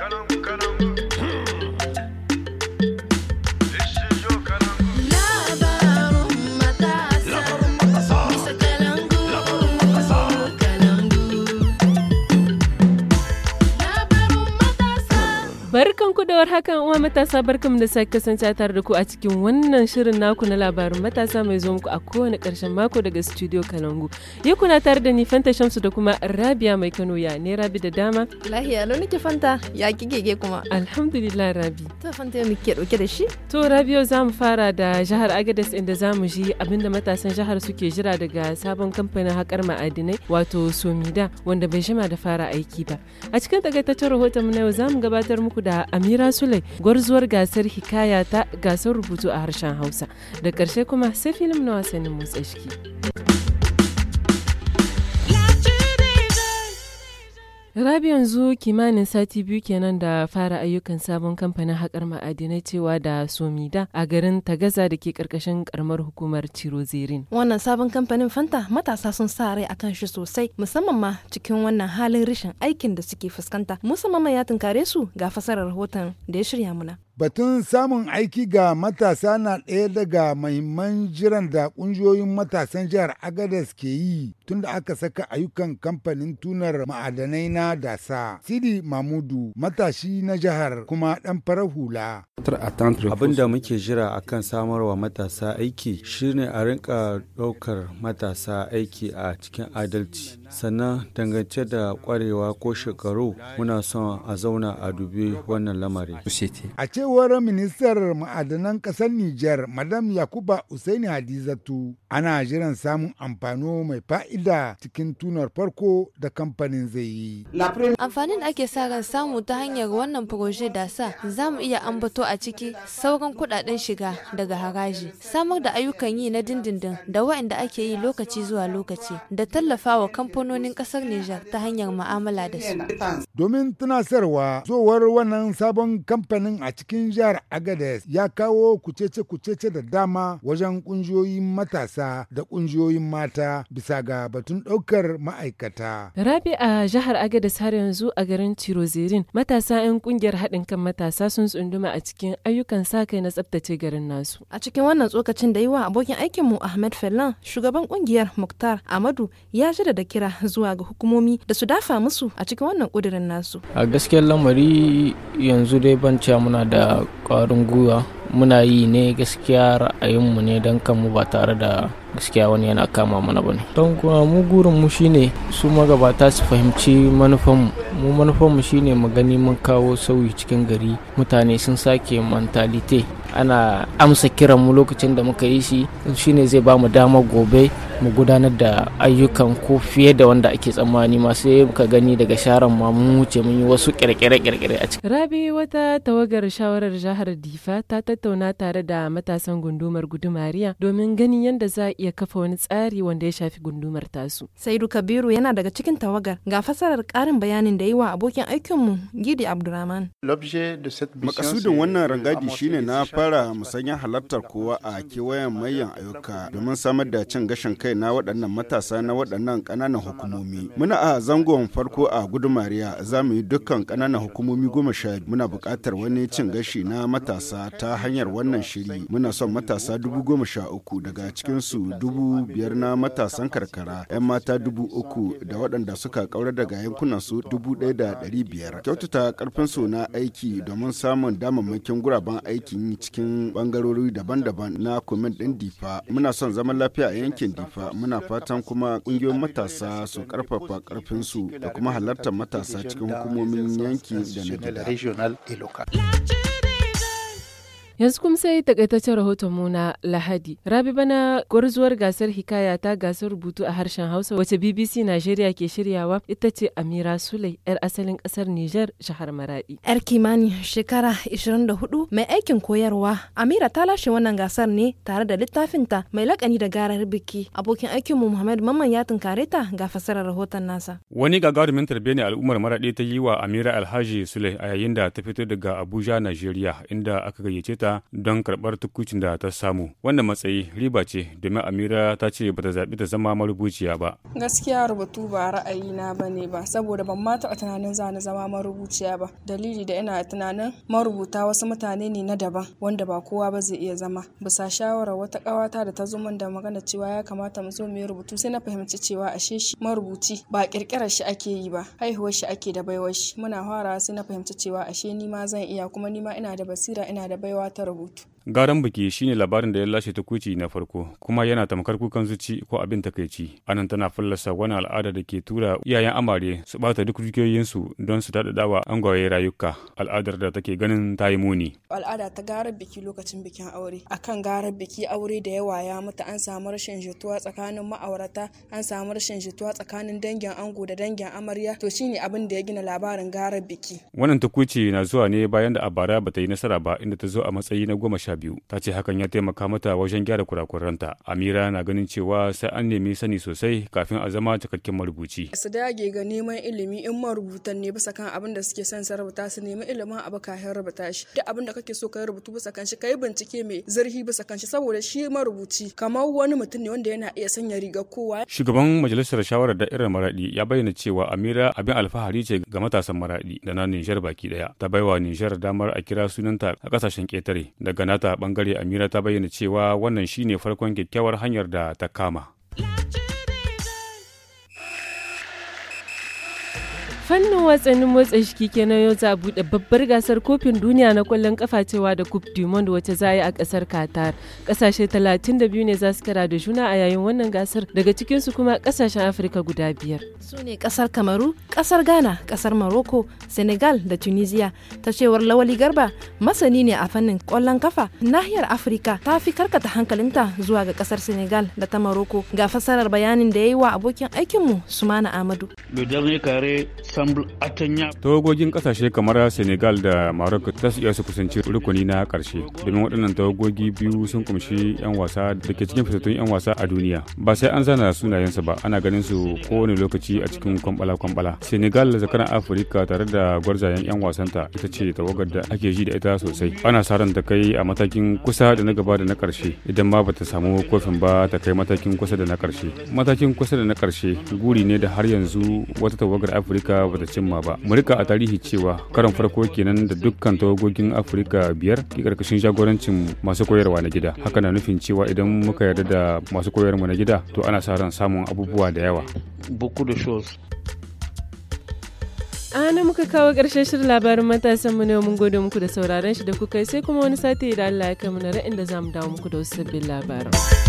Tell them. Barkan ku da hakan uwa matasa barkan da sake kasance tare da ku a cikin wannan shirin naku na labarin matasa mai zo muku a kowane karshen mako daga studio Kalangu. Yau kuna tare da ni Fanta Shamsu da kuma Rabia mai Kano ya ne Rabi da dama. Lahiya lo nake Fanta ya gege kuma. Alhamdulillah Rabi. To Fanta yau muke dauke da shi. To Rabi yau zamu fara da jihar Agadez inda zamu ji abinda matasan jihar suke jira daga sabon kamfanin haƙar ma'adinai wato Somida wanda bai jima da fara aiki ba. A cikin takaitaccen rahoton mu na yau zamu gabatar muku da da Amira Sule gwarzuwar gasar hikaya ta gasar rubutu a harshen Hausa. Da ƙarshe kuma sai filim na wasannin motsa shiki. Rabi yanzu kimanin sati biyu kenan da fara ayyukan sabon kamfanin haƙar ma'adinai cewa da Somida a garin Tagaza da ke ƙarƙashin ƙaramar hukumar Cirozerin. Wannan sabon kamfanin Fanta matasa sun sa rai akan shi sosai musamman ma cikin wannan halin rashin aikin da suke fuskanta. Musamman ya tunkare su ga fasarar rahoton da ya shirya muna. Batun samun aiki ga matasa na ɗaya daga mahimman jiran da ƙungiyoyin matasan jihar Agadez ke yi tunda aka saka ayyukan kamfanin tunar ma'adanai na dasa. Sidi Mamudu matashi na jihar kuma ɗan fara hula. Abin da muke jira akan samarwa matasa aiki shine a rinka ɗaukar matasa aiki a cikin adalci. sannan dangance da kwarewa ko shekaru muna son a zauna a dubi wannan lamari. A cewar ministar ma'adanan ƙasar Nijar, Madam Yakuba Usaini Hadizatu, ana jiran samun amfano mai fa'ida cikin tunar farko da kamfanin zai yi. Amfanin ake sa ran samu ta hanyar wannan proje da sa za mu iya ambato a ciki sauran kuɗaɗen shiga daga haraji, samar da ayyukan yi na dindindin da waɗanda ake yi lokaci zuwa lokaci da tallafawa kamfanin kamfanonin ƙasar Nijar ta hanyar ma'amala da su. Domin tunasarwa zowar wannan sabon kamfanin a cikin jihar Agades ya kawo kucece-kucece da dama wajen ƙungiyoyin matasa da ƙungiyoyin mata bisa ga batun ɗaukar ma'aikata. Rabi a jihar Agades har yanzu a garin Tirozirin matasa 'yan ƙungiyar haɗin kan matasa sun tsunduma a cikin ayyukan sa-kai na tsabtace garin nasu. A cikin wannan tsokacin da yi wa abokin aikinmu Ahmed Fellan shugaban ƙungiyar Muktar Amadu ya jira da kira zuwa ga hukumomi da su dafa musu a cikin wannan ƙudurin nasu a gaskiyar lamari yanzu dai ban muna da ƙwarin gwiwa muna yi ne gaskiya ra'ayinmu ne don kanmu ba tare da gaskiya wani yana kama mana ba ne don kuma mu gurin mu shine su magabata su fahimci manufanmu mu manufanmu shine mu gani mun kawo sauyi cikin gari mutane sun sake mantalite ana amsa kiran mu lokacin da muka yi shi shine zai ba mu dama gobe mu gudanar da ayyukan ko fiye da wanda ake tsammani masu ka gani daga sharan ma mun wuce mun yi wasu kirkire-kirkire a cikin. Rabi wata tawagar shawarar jihar Difa ta tattauna tare da matasan gundumar gudumariya domin ganin yadda za a iya kafa wani tsari wanda ya shafi gundumar tasu. Saidu Kabiru yana daga cikin tawagar ga fasarar karin bayanin da yi wa abokin aikinmu Gidi Abdurrahman. Makasudin wannan rangadi shine na fara musanya halartar kowa a kewayen mayan ayyuka domin samar da cin gashin kai kai na waɗannan matasa na waɗannan ƙananan hukumomi. Muna a zangon farko a gudumariya za mu yi dukkan ƙananan hukumomi goma sha Muna buƙatar wani cin gashi na matasa ta hanyar wannan shiri. Muna son matasa dubu goma sha uku daga cikinsu dubu biyar na matasan karkara, 'yan mata dubu uku da waɗanda suka ƙaura daga yankunan su dubu ɗaya da ɗari biyar. Kyautata ƙarfinsu na aiki domin samun damammakin guraben aikin cikin ɓangarori daban-daban na kumin ɗin difa. Muna son zaman lafiya a yankin difa. karfafa muna fatan kuma kungiyoyin matasa su karfafa ƙarfinsu da kuma halartar matasa cikin hukumomin yanki da na gida. Yanzu kuma sai takaitaccen rahoton mu na Lahadi. Rabi bana gwarzuwar gasar hikaya ta gasar rubutu a harshen Hausa wacce BBC nigeria ke shiryawa ita ce Amira Sulai yar asalin kasar niger shahar Maradi. Yar kimani shekara 24 mai aikin koyarwa Amira ta lashe wannan gasar ne tare da littafinta mai lakani da garar biki. Abokin aikin mu Muhammad Mamman ya tunkare ta ga fasarar rahoton nasa. Wani gagarumin tarbe ne al'ummar Maradi ta yi wa Amira Alhaji Sulai a yayin da ta fito daga Abuja nigeria inda aka gayyace ta don karɓar tukucin da ta samu wanda matsayi riba ce domin amira ta ce ba ta zaɓi ta zama marubuciya ba gaskiya rubutu ba ra'ayi ba ne ba saboda ban ma taɓa tunanin za na zama marubuciya ba dalili da ina tunanin marubuta wasu mutane ne na daban wanda ba kowa ba zai iya zama bisa shawarar wata ƙawata da ta zo min da magana cewa ya kamata mu zo mu yi rubutu sai na fahimci cewa ashe shi marubuci ba ƙirƙirar shi ake yi ba haihuwar shi ake da baiwar shi muna fara sai na fahimci cewa ashe ni ma zan iya kuma ni ma ina da basira ina da baiwa ta tartaruguto Garan biki shine labarin da ya lashe tukuci na farko kuma yana tamkar kukan zuci ko abin takaici. Anan tana fallasa wani al'ada da ke tura iyayen amare su bata duk dukiyoyinsu don su dawa angwaye rayuka al'adar da take ganin ta yi muni. Al'ada ta garan biki lokacin bikin aure. Akan garan biki aure da yawa ya mata an samu rashin jituwa tsakanin ma'aurata an samu rashin jituwa tsakanin dangin ango da dangin amarya to shine abin da ya gina labarin garan biki. Wannan tukuci na zuwa ne bayan da abara bara bata yi nasara ba inda ta zo a matsayi na goma sha biyu ta ce hakan ya taimaka mata wajen gyara kurakuranta amira na ganin cewa sai an nemi sani sosai kafin a zama cikakken marubuci su dage ga neman ilimi in marubutan ne bisa kan abin da suke son su rubuta su nemi ilimin abu kafin rubuta shi duk abin da kake so ka rubutu bisa kan shi kai bincike mai zurfi bisa kan shi saboda shi marubuci kamar wani mutum ne wanda yana iya sanya riga kowa shugaban majalisar shawarar da irin maradi ya bayyana cewa amira abin alfahari ce ga matasan maradi da na nijar baki daya ta baiwa nijar damar a kira sunanta a kasashen ketare daga na nata bangare amira ta bayyana cewa wannan shine farkon kyakkyawar hanyar da ta kama fannin watsannin motsa jiki kenan yau za a buɗe babbar gasar kofin duniya na kwallon kafa cewa da coupe du monde wacce za a yi a ƙasar qatar ƙasashe 32 ne za su kara da juna a yayin wannan gasar daga cikinsu kuma ƙasashen afirka guda biyar su ne ƙasar kamaru ƙasar ghana ƙasar morocco senegal da tunisia ta cewar lawali garba masani ne a fannin kwallon kafa nahiyar afirka ta fi karkata hankalinta zuwa ga ƙasar senegal da ta morocco ga fassarar bayanin da ya yi wa abokin aikinmu sumana amadu Tawagogin kasashe kamar Senegal da Morocco ta su iya su kusanci rukuni na karshe domin waɗannan tawagogi biyu sun kumshi 'yan wasa da ke cikin fitattun 'yan wasa a duniya. Ba sai an zana sunayensu ba ana ganin su kowane lokaci a cikin kwambala-kwambala. Senegal zakaran Afirka tare da gwarzayen 'yan wasanta ita ce tawagar da ake ji da ita sosai. Ana sa ta kai a matakin kusa da na gaba da na karshe idan ma bata samu kofin ba ta kai matakin kusa da na karshe. Matakin kusa da na karshe guri ne da har yanzu wata tawagar Afirka bata cimma ba mu rika a tarihi cewa karan farko kenan da dukkan tawagogin afirka biyar ke karkashin jagorancin masu koyarwa na gida haka na nufin cewa idan muka yarda da masu koyarwa na gida to ana sa ran samun abubuwa da yawa ana muka kawo ƙarshen shirin labarin matasan mu ne mun gode muku da sauraron shi da kuka sai kuma wani sati idan Allah ya kai mu na ra'in da zamu dawo muku da wasu sabbin labaran